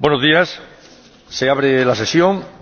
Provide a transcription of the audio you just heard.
buenos días se abre la sesión.